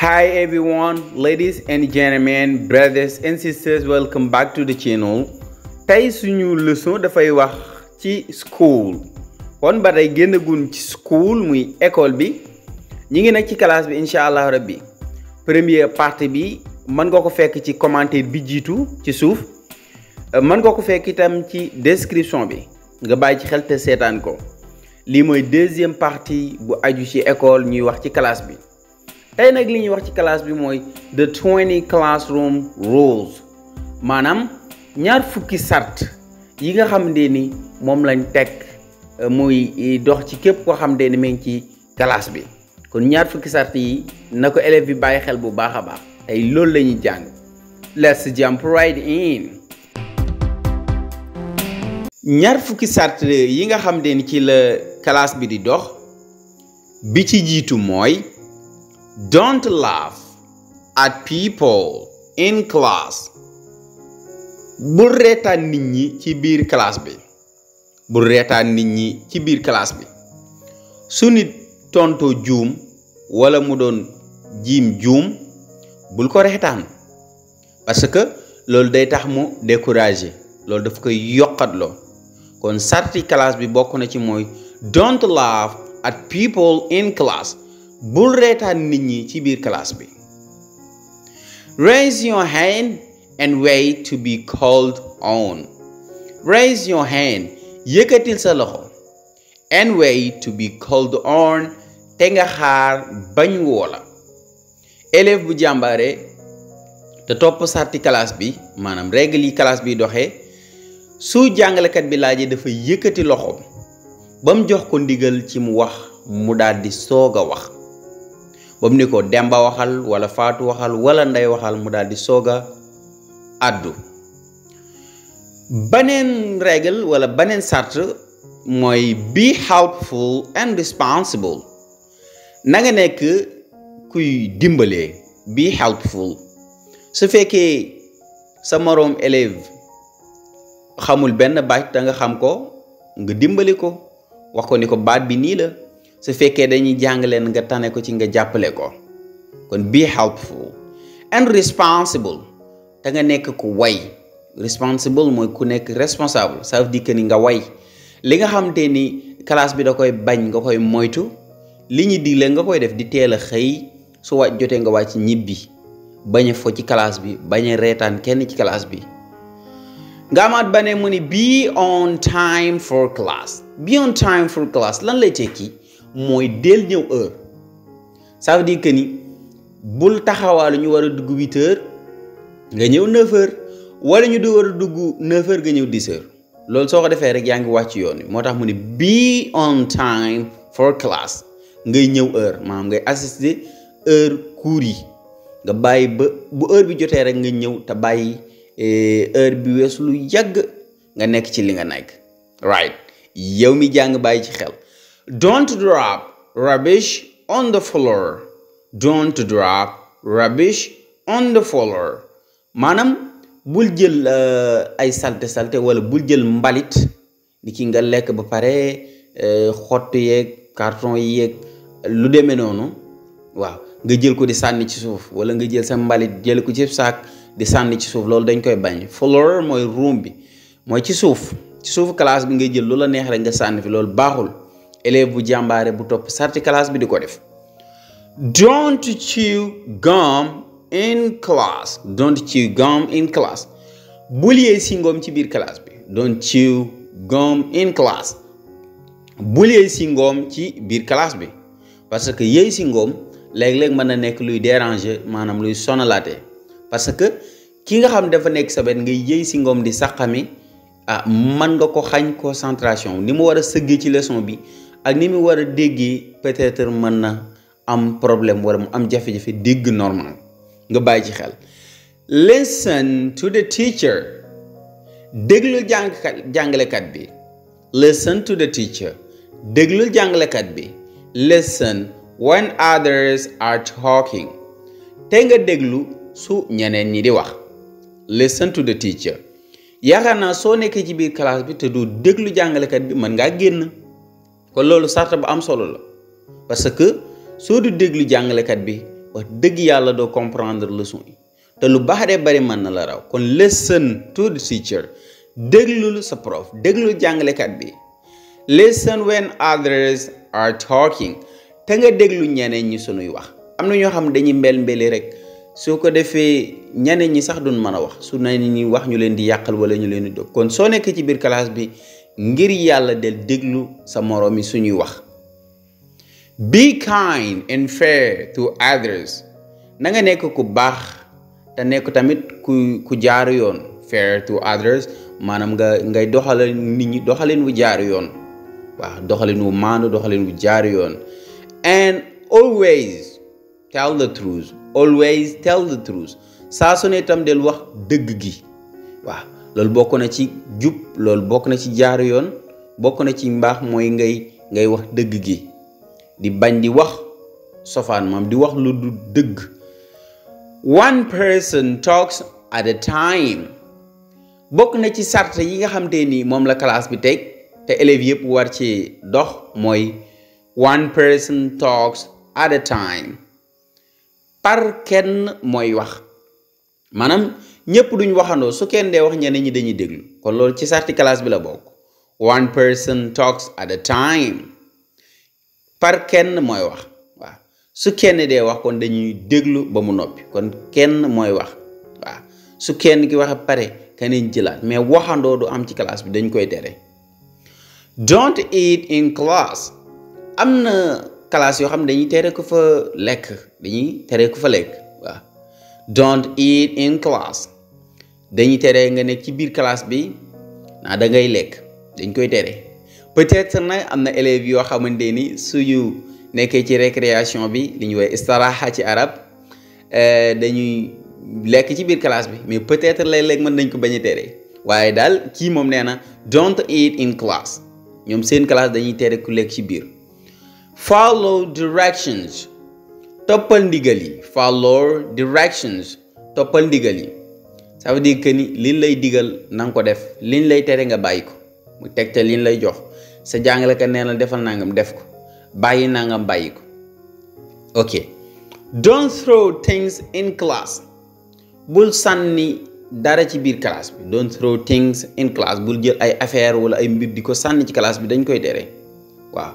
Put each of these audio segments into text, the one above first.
hi everyone ladies and gentlemen brothers and sisters welcome back to the channel tey suñu leçon dafay wax ci school kon ba tey génnagun ci school muy école bi ñi ngi nag ci classe bi incha allah rabbi première partie bi mën nga ko fekk ci commentaire bi jiitu ci suuf euh, mën nga ko fekk itam ci description bi nga bàyyi ci xel te seetaan ko lii mooy deuxième partie bu aju ci école ñuy wax ci classe bi tey nag li ñuy wax ci classe bi mooy the 20 classroom rules maanaam ñaar fukki sart yi nga xam ne ni moom lañ teg euh, muy dox ci képp koo xam ne ni ci classe bi kon ñaar fukki sart yi na ko élève bi bàyyi xel bu baax a baax tey lool lañuy jàng let's jump right in ñaar fukki sart yi nga xam ne ci la kalaas bi di dox bi ci jiitu mooy Don't laugh at people in class. bul reetaan nit ñi ci biir classe bi bul nit ñi ci biir classe bi su nit tontoo juum wala mu doon jiim juum bul ko reetaan parce que loolu day tax mu découragé loolu daf koy yokkatloo kon sarti classe bi bokk na ci mooy don't laugh at people in class bul reetaan nit ñi ci biir classe bi raise your and wait to be called on raise your yëkkatil sa loxo and wait to be called on te nga xaar bañ woola élève bu jàmbaare te topp sarti kalaas bi maanaam règle yi classe bi doxee su jàngalekat bi laajee dafa yëkkati loxoom ba jox ko ndigal ci mu wax mu daldi soog a wax ba mu ni ko Demba waxal wala Faatu waxal wala Ndey waxal mu daal di soog a àddu baneen règle wala baneen sart mooy be helpful and responsible na nekk kuy dimbalee be helpful su fekkee sa moroom élève xamul benn baat da nga xam ko nga dimbali ko wax ko ni ko baat bi nii la su fekkee dañuy jàng leen nga tane ko ci nga jàppale ko kon be helpful and responsible te nga nekk ku way responsible mooy ku nekk responsable ça veut ni nga way li nga xam ni classe bi da koy bañ nga koy moytu li ñu digle nga koy def di teel a xëy su wàcc jotee nga ci ñibbi bañ a fo ci classe bi bañ a reetaan kenn ci classe bi nga amaat banee mu ni be on time for class be on time for class lan lay tekki mooy deel ñëw heure ça veut dire que ni bul taxawaalu ñu war a dugg huit nga ñëw neuf heures wala ñu du war a dugg neuf heures nga ñëw dix loolu soo ko defee rek yaa ngi wàcc yoon wi moo tax mu ne be on time for class ngay ñëw heure maanaam ngay assister heure cours yi nga bàyyi ba bu heure bi jotee rek nga ñëw te bàyyi eh, heure bi weesu lu yàgg nga nekk ci li nga nekk right yow mi jàng bàyyi ci xel Don't drop rubbish on the floor. Don't drop rubbish on the floor. maanaam bul jël euh, ay salte salte wala bul jël mbalit ni ki nga lekk ba pare euh, xott yeeg carton yeeg lu demee noonu waaw nga jël ko di sànni ci suuf wala nga jël sa mbalit jël ko ci saak di sànni ci suuf loolu dañ koy bañ floor mooy room bi mooy ci suuf ci suufu classe bi ngay jël lu la neex rek nga sànni fi loolu baaxul élève bu jàmbaare bu topp sarti classe bi di ko def don't chew gum in class don't chew gum in class bul yee singoom ci biir classe bi don't chew gum in class bul ci biir classe bi parce que si ngoom léeg-léeg mën na nekk luy déranger maanaam luy sonalaate parce que ki nga xam dafa nekk sa wet ngay yëy si ngoom di saqami ah man nga ko xañ concentration li mu war a sëggee ci leçon bi ak ni mu war déggi déggee peut-être mën na am problème wara mu am jafe-jafe dégg normal nga bàyyi ci xel listen to the teacher déglul jàngalekat bi listen to the teacher déglul jàngalekat bi listen when others are talking te nga déglu su ñeneen ñi di wax listen to the teacher yaakaar naa soo nekkee ci biir classe bi te du déglu jàngalekat bi mën ngaa génn kon loolu sart bu am solo la parce que soo du déglu jàngalekat bi wax dëgg yàlla doo comprendre la yi te lu baax de bari mën na la raw kon listen to the teacher déglul sa prof déglul jàngalekat bi listen when others are talking te nga déglu ñeneen ñi sunuy wax am na ñoo xam ne dañuy mbel mbeli rek soo ko defee ñeneen ñi sax duñ mën a wax su na ñuy wax ñu leen di yàqal wala ñu leen di dog kon soo nekk ci biir classe bi ngir yàlla del déglu sa moroom mi suñuy wax bi kind and fair to others na nga nekk ku baax te nekk tamit ku ku jaaru yoon fair to others maanaam nga ngay doxalal nit ñi doxalin wu jaar yoon waa doxalin wu maandu doxalin wu jaar yoon and always tell the truth always tell the truth saa su ne itam del wax dëgg gi waaw loolu bokk na ci jub loolu bokk na ci jaar yoon bokk na ci mbaax mooy ngay ngay wax dëgg gi di bañ di wax sofaan moom di wax lu du dëgg one person talks at a time bokk na ci sart yi nga xam te ni moom la kalaas bi teg te élèves yëpp war ci dox mooy one person talks at a time par kenn mooy wax maanaam ñëpp duñ waxandoo su kenn dee wax ñeneen ñi dañuy déglu kon loolu ci sarti classe bi la bokk one person talks at a time par kenn mooy wax waaw su kenn dee wax kon dañuy déglu ba mu noppi kon kenn mooy wax waaw su kenn ki waxe pare keneen jëlaat mais waxandoo du am ci classe bi dañ koy tere don't eat in class am na classe yoo xam ne dañuy tere ku fa lekk dañuy tere ku fa lekk waaw don't eat in class dañuy tere nga nekk ci biir classe bi naa da ngay lekk dañ koy tere peut-être nag am na élèves yoo xamante ni suñu nekkee ci récréation bi li ñuy woowee istaraha ci arab eh, dañuy lekk ci biir classe bi mais peut-être lay lekk mën nañ ko bañ a tere waaye daal kii moom nee na don't eat in class ñoom seen classe dañuy tere ku lekk ci biir follow directions toppal ndigal yi follow directions toppal ndigal yi ça veut dire ni liñ lay digal na ko def liñ lay tere nga bàyyi ko mu teg te liñ lay jox sa jàngalekat nee na defal nangam def ko bàyyi nangam bàyyi ko ok don't throw things in class bul sànni dara ci biir classe bi don't throw things in class bul jël ay affaire wala ay mbir di ko sànni ci classe bi dañ koy tere waaw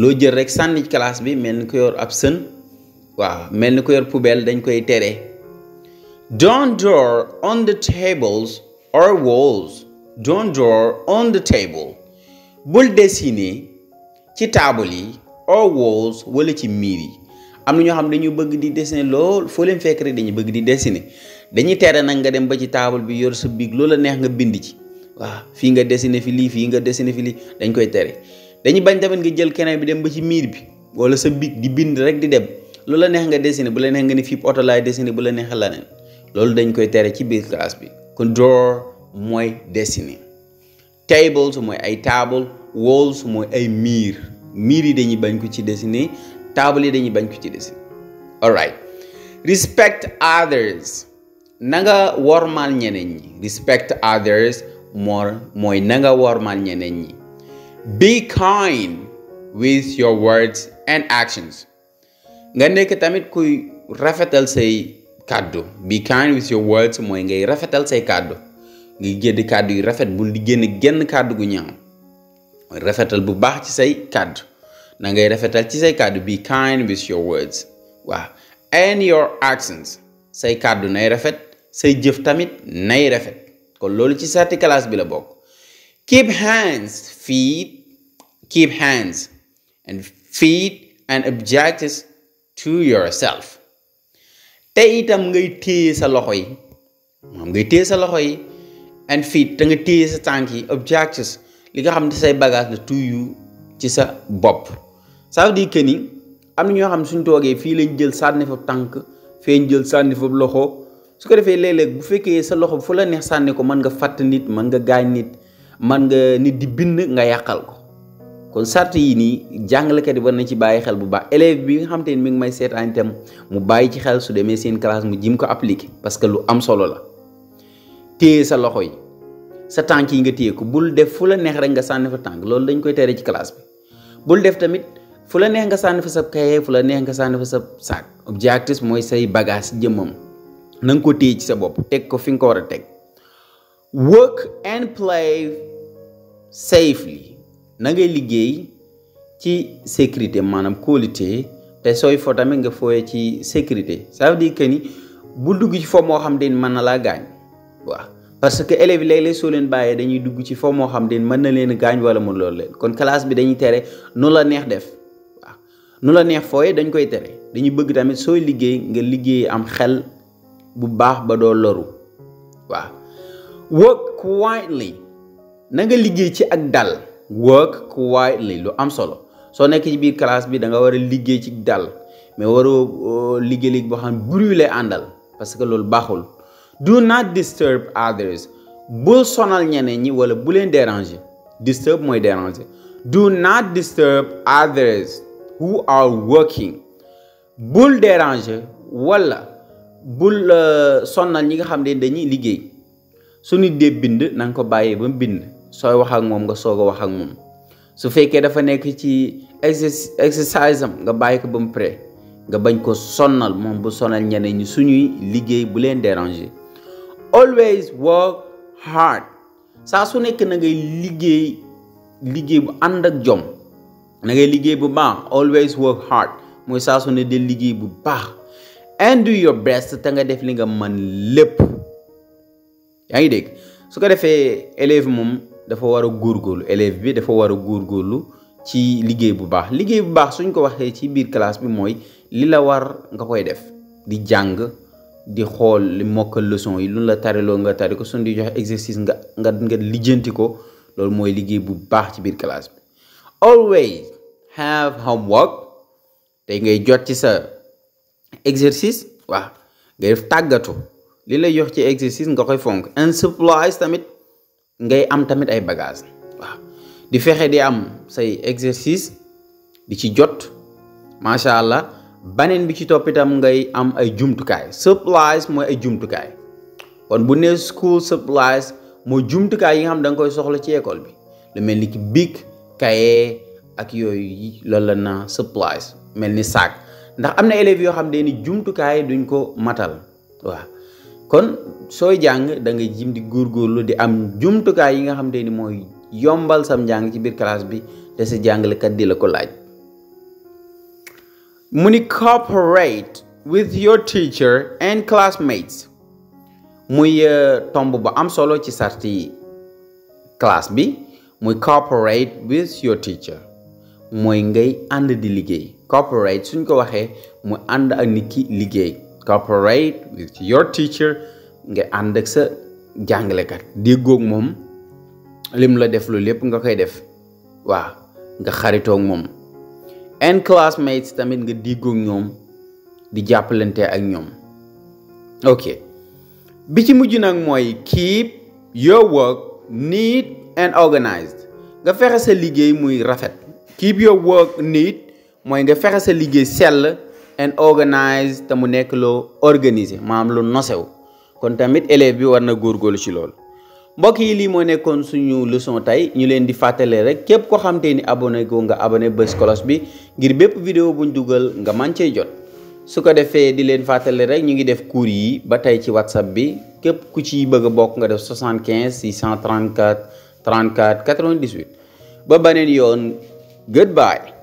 loo jël rek sànni ci classe bi mel ni ko yor ab sën waaw mel ni ko yor poubelle dañ koy tere don't draw on the tables or walls don't draw on the table bul dessiner ci taabul yi or walls wala ci miir yi am na ñoo xam dañu bëgg di dessiner lool foo leen fekk rek dañu bëgg di dessiner dañuy tere nag nga dem ba ci taabal bi yor sa biig loola neex nga bind ci waaw fii nga dessiner fi lii fii nga dessiner fi lii dañ koy tere dañu bañ tamit nga jël keneen bi dem ba ci miir bi wala sa biig di bind rek di dem lu la nga dessiné bu la neex nga ni fii oto laay dessiné bu la neex laneen loolu dañ koy tere ci biir classe bi kon draw mooy dessiné tables mooy ay table walls mooy ay miir miir yi dañuy bañ ko ci dessiné table yi dañuy bañ ko ci dessiné all right respect others na nga wormaal ñeneen ñi respect others mooy na nga ñeneen ñi be kind with your words and actions nga nekk tamit kuy rafetal say kàddu be kind with your words mooy ngay rafetal say kàddu ngay gédd kàddu yu rafet bul di génn genn kàddu gu ñaaw mooy bu baax ci say kàddu na ngay rafetal ci say kàddu be kind with kàddu nay rafet say jëf tamit nay rafet ko loolu ci sarti classe bi la bokk keep hands feet keep hands and objectives to yourself itam ngay téye sa loxo yi moom ngay téye sa loxo yi and feet te nga téye sa tànk yi objectives li nga xam ne say bagaas la to you ci sa bopp sa veut dire que ni am na ñoo xam suñ toogee fii lañ jël sànni fa tànk feeñ jël sànni fa loxo su ko defee léeg-léeg bu fekkee sa loxo fu la neex sànni ko mën nga fàtt nit mën nga gaañ nit man nga nit di bind nga yàqal ko kon sart yi nii jàngalekat yi war na ci bàyyi xel bu baax élève bi nga xam te ni mi ngi may seetaan itam mu bàyyi ci xel su demee seen classe mu jim ko appliqué parce que lu am solo la téye sa loxo yi sa tànk yi nga téye ko bul def fu la neex rek nga sànni fa tànk loolu dañ koy tere ci classe bul def tamit fu la neex nga sànni fa sa kaye fu la neex nga sànni fa sa saak objectif mooy say bagage jëmmam na ko téye ci sa bopp teg ko fi nga ko war a teg work and play safely na ngay liggéey ci sécurité maanaam qualité te sooy fo tamit nga fooyee ci sécurité sa veut dire que ni bu dugg ci foo moo xam ne mën na laa gaañ waa parce que élèves yi léeg soo leen bàyyee dañuy dugg ci foo moo xam ne mën na leen gaañ wala mu loolu leen kon classe bi dañuy tere nu la neex def waaw nu la neex fooyee dañ koy tere dañuy bëgg tamit sooy liggéey nga liggéey am xel bu baax ba doo loru waaw work quietly na nga liggéey ci ak dal work quietly lu am solo soo nekk ci biir classe bi da nga war a liggéey ci dal mais waroo euh, liggéey liggéey boo xam ne bruit lay àndal parce que loolu baaxul do not disturb others bul sonal ñeneen ñi wala buleen leen déranger disturb mooy déranger do not disturb others who are working bul déranger wala bul euh, sonnal ñi nga xam ne dañuy liggéey su nit dee bind na ko bàyyee ba mu bind sooy wax ak moom nga soog a wax ak moom su fekkee dafa nekk ci exercice exercice am nga bàyyi ko ba mu pare nga bañ ko sonnal moom bu sonal ñene ñu suñuy liggéey bu leen déranger always work hard saa su nekk na ngay liggéey liggéey bu ànd ak jom na ngay liggéey bu baax always work hard mooy saa su ne de liggéey bu baax and do your best te nga def li nga man lépp yaa ngi dégg su ko defee élève moom dafa war a góorgóorlu élève bi dafa war a góorgóorlu ci liggéey bu baax liggéey bu baax suñ ko waxee ci biir classe bi mooy li la war nga koy def di jàng di xool li mokkal leçon yi lu la tariloo nga tari ko suñ di joxe exercice nga nga nga lijjanti ko loolu mooy liggéey bu baax ci biir classe bi always have homework tey ngay jot ci sa exercice waaw nga def tàggatu li lay jox ci exercice nga koy fonk and supplies tamit ngay am tamit ay bagage waaw di fexe di am say exercice di ci jot macha allah baneen bi ci topp itam ngay am ay jumtukaay supplies mooy ay jumtukaay kon bu ne school supplies mooy jumtukaay yi nga xam da nga koy soxla ci école bi lu mel ni ki bic cahier ak yooyu loolu la na supplies mel ni sac ndax am na élèves yoo xam ne ni jumtukaay duñ ko matal waaw kon sooy jàng dangay ngay jim di góorlu di am jumtukaay yi nga xam ni mooy yombal sam njàng ci biir classe bi te sa jàngalekat di la ko laaj mu ni cooperate with your teacher and classmates muy uh, tomb bu am solo ci sarti classe bi muy cooperate with your teacher mooy ngay ànd di liggéey cooperate suñ ko waxee mu ànd ak nit ki liggéey cooperate with your teacher nga ànd ak sa jàngalekat déggoog moom lim la def lu lépp nga koy def waaw nga xaritoog moom and classmates tamit nga déggoog ñoom di jàppalante ak ñoom ok bi ci mujj nag mooy keep your work neat and organized nga fexe sa liggéey muy rafet keep your work neat mooy nga fexe sa liggéey sell and organize te mu nekk loo organiser maanaam lu nosew kon tamit élève bi war na góorgóorlu ci loolu mbokk yi lii moo nekkoon suñu leçon tey ñu leen di fàttalee rek képp ko xam te ni abonné ko nga abone bés kolos bi ngir bépp vidéo buñ dugal nga man cee jot su ko defee di leen fàttalee rek ñu ngi def cours yi ba tey ci whatsapp bi képp ku ci bëgg bokk nga def 75 634 34 98 ba beneen yoon goodbye